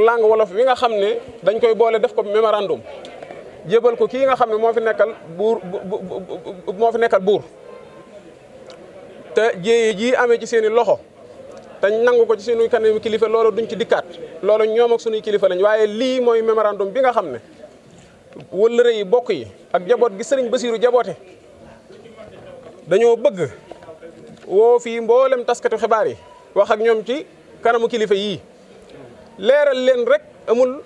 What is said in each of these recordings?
langue wolof wi nga xam ne dañ koy boole def ko mémorandum jébal ko kii nga xam ne moo fi nekkal buur moo fi nekkal buur te jéeye ji amee ci seeni loxo te nangu ko ci suñu kanam kilifa loolo duñ ci dikkaat loolo ñoom ak suñuy kilifa lañ waaye lii mooy mémorandum bi nga xam ne wëllëre yi bokk yi ak jaboot gi sëriñ ba Basiiru jaboote dañoo bëgg woo fii mboolem taskatu xibaar yi wax ak ñoom ci kanamu kilifa yii leeral leen rek amul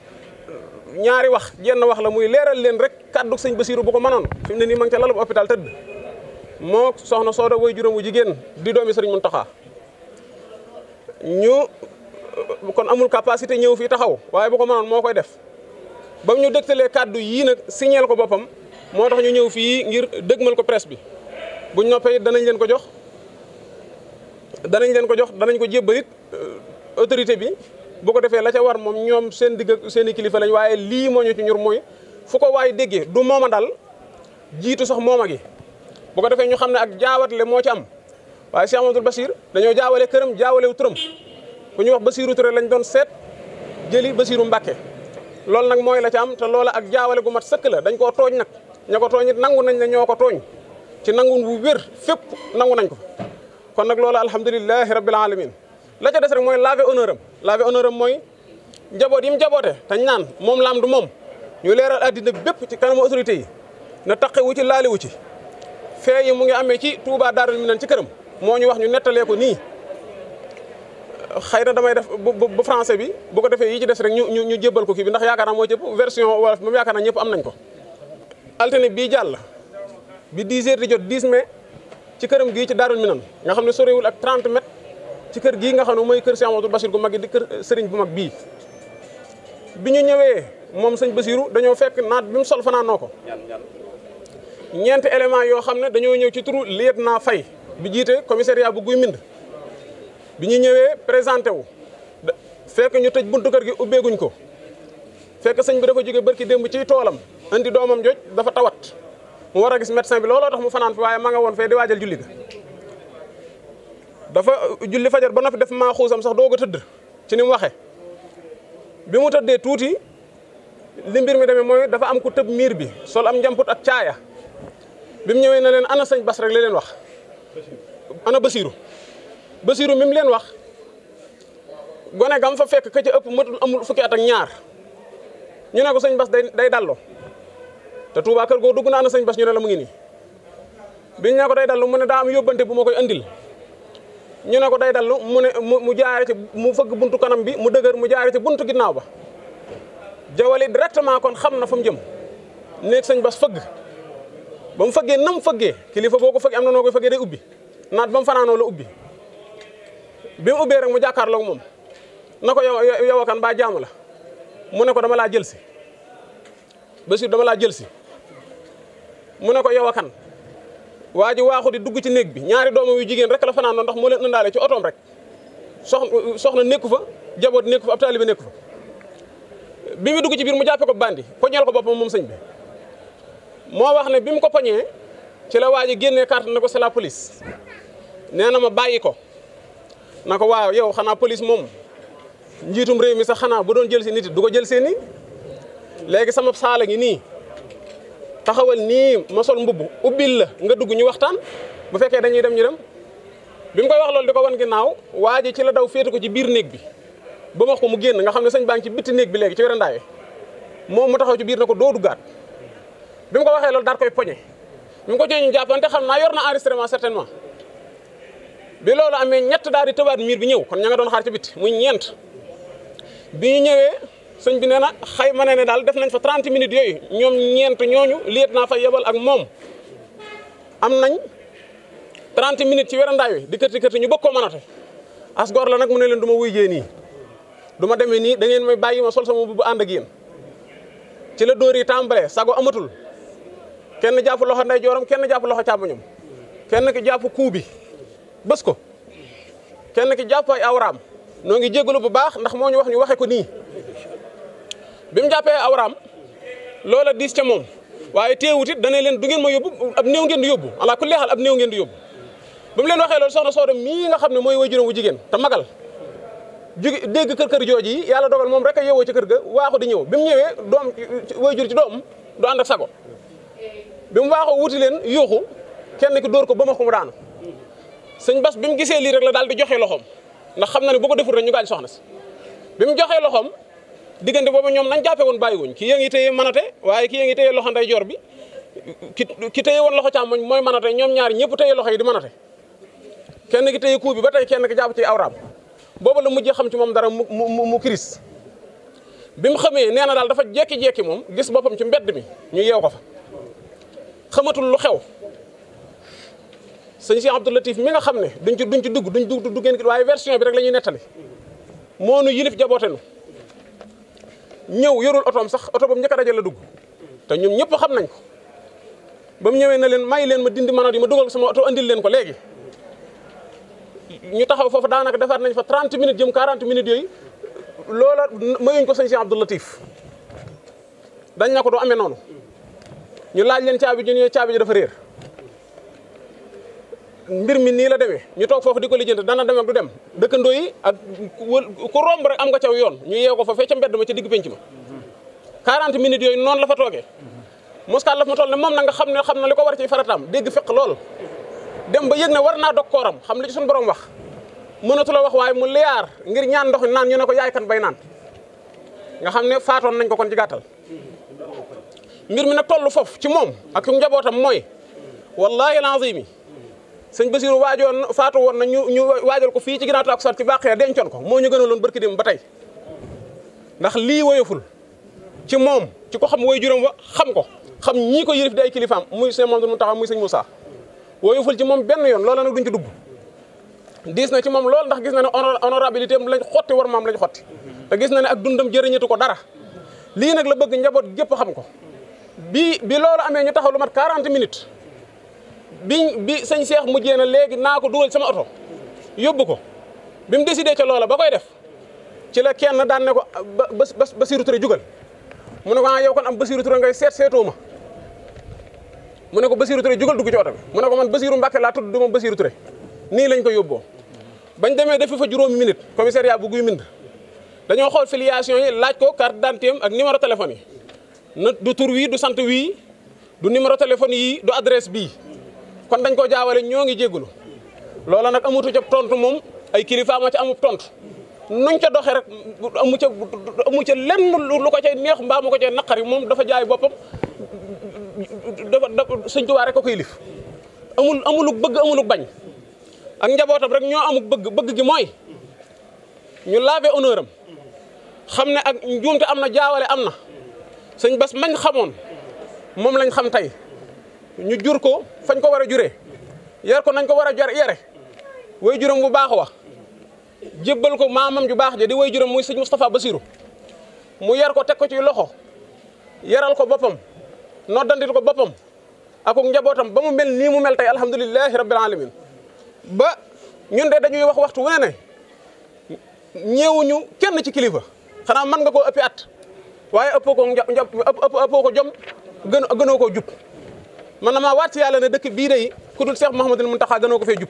ñaari wax jenn wax la muy leeral leen rek kàddu sëñ Basiiru bu ko mënoon fi mu ne nii ma ngi ca lalub hôpital tëdd moo soxna Sooda woy juróom wu jigéen di doomi sëriñ Muntaxa ñu kon amul capacité ñëw fii taxaw waaye bu ko mënoon moo koy def ba ñu dégtalee kàddu yii nag signeel ko boppam moo tax ñu ñëw fii ngir dëgmal ko presse bi buñ noppee it danañ leen ko jox danañ leen ko jox danañ ko jébbal it euh, autorité bi bu ko defee la ca war moom ñoom seen digg seeni kilifa lañ waaye lii moo ñu ci ñur mooy fu ko waay déggee du mooma daal jiitu sax mooma gi bu ko defee ñu xam ne ak jaawatle moo ci am waaye Cheikh Amadou Bassir dañoo jaawale këram jaawalewu turam ku ñuy wax Bassirou Touré lañ doon seet jëli basiiru mbakke loolu nag mooy la ci am te loola ak jaawale gu mat sëkk la dañ koo tooñ nag ña ko tooñ nangu nañ ne ñoo ko tooñ ci nangun bu wér fépp nangu nañ ko kon nag loola alhamdulilahi rabbil alamin la ca des rek mooy laver honneur am laver mooy njaboot yi mu jaboote te naan moom laam moom ñu leeral àddina bépp ci kanamu autorité yi na taqewu ci laaliwu ci fee yi mu ngi amee ci Touba Darou Minane ci këram moo ñu wax ñu nettalee ko nii xëy na damay def bu français bi bu defee yi ci des rek ñu ñu jébbal ko kii bi ndax yaakaar naa moo ci version wolof moom yaakaar naa ñëpp am nañ ko altine bii jàll bi 10 heures di jot 10 mai ci këram gii ci Darou Minane nga xam ne sorewul ak 30 ci kër gii nga xam ne mooy kër Cheikh Amadou Bachir gu mag di kër eh, sëriñ bu mag bii bi ñu ñëwee moom sëñ Basiru dañoo fekk naat bi mu sol fanaanoo ko ñeenti élément yoo xam ne dañoo ñëw ci turu liet naa fay bi jiite commissariat bu guy mbind bi ñu ñëwee présenté wu fekk ñu tëj buntu kër gi ubbeeguñ ko fekk sëñ bi dafa jóge barki démb ci toolam indi doomam joj dafa tawat mu war a gis médecin bi looloo tax mu fanaan fi waaye ma nga woon fee di waajal dafa julli fajar ba noppi def maa xuusam sax doog a tëdd ci ni mu waxee bi mu tëddee tuuti li mbir mi demee mooy dafa am ku tëb miir bi sol am njamput ak caaya bi mu ñëwee na leen ana sañ bas rek leen wax ana basiiru basiiru mi mu leen wax gone gam fa fekk ka ca ëpp matul amul fukki at ak ñaar ñu ne ko sañ bas day day dallo te Touba kër goo dugg na ana sañ bas ñu ne la mu ngi nii biñ ne ko day dallo mu ne daa am yóbbante bu ma koy andil ñu ne ko day dallu mu ne mu jaare ci mu fëgg buntu kanam bi mu dëgër mu jaare ci buntu ginnaaw ba jawali directement kon xam na fa mu jëm néeg sëñ bas fëgg ba mu fëggee nam fëggee kilifa boo ko fëggee am na noo koy fëggee day ubbi naat ba mu fanaanoo la ubbi bi mu ubbee rek mu jàkkaarloog moom na ko yow akan baa jaamu la mu ne ko dama laa jël si Bassirou dama laa jël si mu ne ko yow akan waa ji waaxu di dugg ci néeg bi ñaari doomam yu jigéen rek la fanaan ndax moo leen ëndaale ci otoom rek soxna soxna nekku fa jaboot nekku fa ab taalibe nekku fa bi mu dugg ci biir mu jàppe ko bandi poñeel ko boppam moom sëñ bi moo wax ne bi mu ko poñee ci la waa ji génnee carte na ko c'est la police nee na ma bàyyi ko na ko waaw yow xanaa police moom njiitum réew mi sax xanaa bu doon jël si nit du ko jël seeni léegi sama saala ngi nii taxawal nii ma sol mbubb ubbil la nga dugg ñu waxtaan bu fekkee dañuy dem ñu dem bi mu koy wax loolu di ko wan ginnaaw waa ji ci la daw féete ko ci biir néeg bi ba ma wax ko mu génn nga xam ne sañ baa ngi ci bitti néeg bi léegi ci werandaay wi moom mu taxaw ci biir na ko doo duggaat bi ko waxee loolu daal koy poñe bi mu ko joñu xam naa yor na enregistrement certainement bi loolu amee ñett daal di tëbaat miir bi ñëw kon ña nga doon xaar ci bitti muy ñeent bi ñëwee sëñ bi nee na xayma ne ne daal def nañ fa 30 minutes yooyu ñoom ñeent ñooñu liet naa fa yebal ak moom am nañ 30 minutes ci werandaay wi di kërti ñu bëgg koo mënate as góor la nag mu ne leen du ma wuy jee nii du ma demee nii da ngeen may bàyyi ma sol sama bu ànd ak yéen ci la dóor yi tàmbalee sago amatul kenn jàpp loxo nday jooram kenn jàpp loxo càmmoñam kenn ki jàpp kuu bi bës ko kenn ki jàpp ay awraam noo ngi jégalu bu baax ndax moo ñu wax ñu waxe ko nii bi mu jàppee awraam loola diis ca moom waaye téewut it dana leen du ngeen ma yóbbu ab néew ngeen di yóbbu ala kulli xaal ab néew ngeen di yóbbu ba mu leen waxee loolu soxna Sooda mii nga xam ne mooy wajuram wu jigéen te magal jugi dégg kër kër jooji yi yàlla dogal moom rek a yeewoo ca kër ga waaxu di ñëw bi mu ñëwee doom wajur ci doom du ànd ak sago bi mu waaxoo wuti leen yuuxu kenn ki dóor ko ba ma ko mu daanu sëñ bas bi mu gisee lii rek la daal di joxe loxoom ndax xam na ne bu ko rek ñu gaañ soxna si bi mu joxee loxoom diggante boobu ñoom nañ jàppe woon bàyyi wuñ kii yaa ngi téye manate waaye kii yaa ngi téye loxo ndeyjoor bi ki ki téye woon loxo càmmoñ mooy manate ñoom ñaar ñëpp téye loxo yi di manate kenn ki téye kuu bi ba tey kenn ki jàpp ci awraam boobu la mujjee xam ci moom dara mu mu mu kiris bi mu xamee nee na daal dafa jekki-jekki moom gis boppam ci mbedd mi ñu yeew ko fa xamatul lu xew sëñ si Abdou Latif mi nga xam ne duñ ci duñ ci dugg duñ dugg duggeen waaye version bi rek la ñuy nettali moo nu yilif jaboote nu ñëw yorul otoom sax oto boobu njëkk a dajale la dugg te ñun ñëpp xam nañ ko ba mu ñëwee na leen may leen ma dindi manottes yi ma dugal ko sama oto andil leen ko léegi ñu taxaw foofu daanaka defaat nañ fa 30 minutes jëm 40 minutes yooyu loola mayuñ ko sëñ Cheikh Abdou Latif dañ na ko doo amee noonu ñu laaj leen caabi ji ñu caabi ji dafa réer mbir mi nii la demee ñu toog foofu di ko lijjanti dana dem ak du dem dëkkandoo yi ak ku romb rek am nga caw yoon ñu yeew ko fa fee ca mbedd ma ca digg penc ma 40 minutes yooyu noonu la fa toogee Moussa la fa toll ne na nga xam ne xam na li ko war ci farataam dégg fekk lool dem ba yëg ne war naa dog kooram xam li ci suñu borom wax mënatu la wax waaye mu liyaar ngir ñaan ndox naan ñu ne ko yaay kan bay naan nga xam ne faatoon nañ ko kon ci gàttal mbir mi nag toll foofu ci moom ak njabootam mooy wallaahi lazim sëñ Basiru waajoon faatu woon na ñu ñu waajal ko fii ci ginnaaw takkusaan ci bàqee dencoon ko moo ñu gënaloon barki dem ba tey ndax lii woyoful ci moom ci ko xam woy juróom wa xam ko xam ñii ko yërif di ay kilifaam muy sëñ Mamadou Mountakha muy sëñ Moussa woyoful ci moom benn yoon loola nag duñ ci dugg diis na ci moom lool ndax gis na ne honorabilité am lañ xotti war maam lañ xotti te gis na ne ak dundam jëriñatu ko dara lii nag la bëgg njaboot gépp xam ko bi bi loolu amee ñu taxaw lu mat 40 minutes bi bi sëñ Cheikh mujjee na léegi naa ko dugal sama oto yóbbu ko bi mu décidé ca loola ba koy def ci la kenn daan ne ko ba ba Bassirou Touré jugal mu ne ah, yow kon am Bassirou Touré ngay seet seetoo ma mu ne ko Bassirou Touré jugal dugg ci oto mu ne ko man Bassirou Mbacke laa tudd du ba Bassirou Touré nii lañ ko yóbboo bañ demee def fa juróomi minute commissariat bu guy mind dañoo xool filiation yi laaj ko carte d'identité am ak numéro téléphone yi na du tur wii du sant wii du numéro téléphone yii du adresse bii kon dañ ko jaawale ñoo ngi jégalu loola nag amutu ca tontu moom ay kilifa ma ca amub tontu nuñ ca doxee rek amu ca amu ca lenn lu ko cay neex mbaa mu cay naqari moom dafa jaay boppam dafa sëñ Tuubaa rek ko koy lif amul amulug bëgg amulug bañ ak njabootam rek ñoo amug bëgg bëgg gi mooy ñu laabe honneur am xam ne ak njuumte am na jaawale am na sëñ Bass mañ xamoon moom lañ xam tey ñu jur ko fañ ko war a jure yar ko nañ ko war a jar yare way juróom bu baax wax jébbal ko maamam ju baax ja di way juróom muy sëñ Moustapha Bassirou mu yar ko teg ko ci loxo yaral ko boppam noddandil ko boppam ak njabootam ba mu mel nii mu mel tey alhamdulilahi rabbil alamin ba ñun de dañuy wax waxtu wu ne ñeewuñu kenn ci kilifa xanaa mën nga koo ëppi at waaye ëppoo ko ëppoo ko jom gën gënoo koo jub man na maa waat si yàlla ne dëkk bii day ku dul Cheikh Mouhamadul Mountakha danoo ko fee jub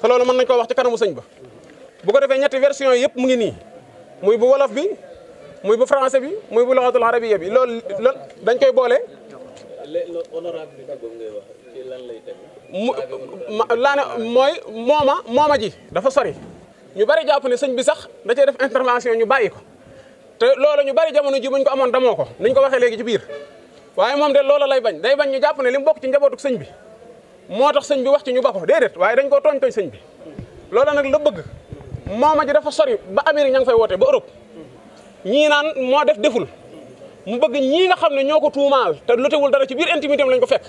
te loolu mën nañ koo wax ci kanamu sëñ ba bu ko defee ñetti version yëpp mu ngi nii muy bu wolof bi muy bu français bi muy bu loxatul arabiya bi loolu loolu dañ koy boole. honorabilité boobu ngay wax ci lan lay teg. ji dafa sori ñu bari jàpp ne sëñ bi sax da cee def intervention ñu bàyyi te loolu ñu bari jamono ji buñ ko amoon damoo ko niñ ko waxee léegi ci biir. waaye moom de loola lay bañ day bañ ñu jàpp ne li mu bokk ci njabootu sëñ bi moo tax sañ bi wax ci ñu ba ko déedéet waaye dañ koo tooñ tooñ sëñ bi loola nag la bëgg mooma ji dafa sori ba Amérique ña ngi fay woote ba Europe ñii naan moo def deful mu bëgg ñii nga xam ne ñoo ko tuumaal te lotewul dara ci biir intimité am lañ ko fekk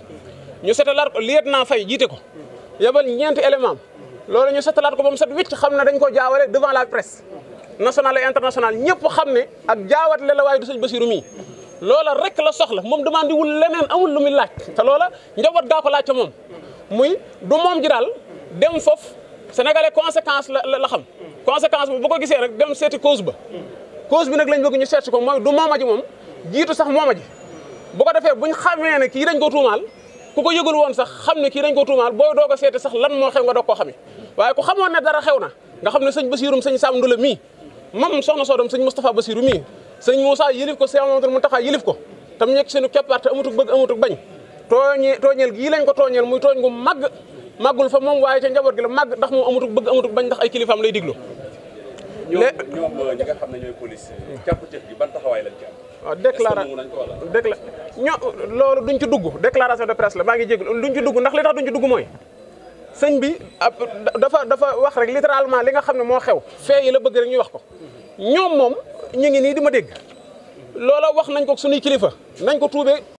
ñu setalaat ko liet naa fay jiite ko yabal ñeenti élément loolu ñu setalaat ko ba mu set wicc xam ne dañ ko jaawale devant la presse nationale et internationale ñëpp xam ne ak jaawat le la waaye du sëñ Basiru mii loola rek la soxla moom demande wul leneen amul lu muy laaj te loola njaboot gaa ko laaj ca moom muy du moom ji daal dem foofu sénégalais conséquence la la xam conséquence bu bu ko gisee rek dem seeti cause ba cause bi nag lañ bëgg ñu seet ko mooy du mooma ji moom jiitu sax mooma bu ko defee buñ xamee ne kii dañ ko tuumaal ku ko yëgul woon sax xam ne kii dañ ko tuumaal booy doog a seeti sax lan moo xew nga doog koo xamee waaye ku xamoon ne dara xew na nga xam ne sëñ Basiirum sëñ Saam Ndula mii moom soxna Sodom sëñ Moustapha Basiiru mii sëñ Moussa yilif ko Cheikh Mamadou Mountakha yilif ko tam nekk seenu keppaar te amatuk bëgg amatuk bañ tooñee tooñeel gii lañ ko tooñeel muy tooñ gu màgg màggul fa moom waaye ca njaboot gi la màgg ndax moom amatuk bëgg amatuk bañ ndax ay kilifaam lay diglu ñoom ñoom ñi nga xam ne ñooy police càkkutéef gi ban taxawaay lañ ci am waaw déclara décla ño loolu duñ ci dugg déclaration de presse la maa ngi jégg duñ ci dugg ndax li tax duñ ci dugg mooy sëñ bi dafa dafa wax rek littéralement li nga xam ne moo xew fee yi la bëgg rek ñuy wax ko ñoom moom ñu ngi nii di ma dégg loola wax nañ ko suñuy kilifa nañ ko tuubee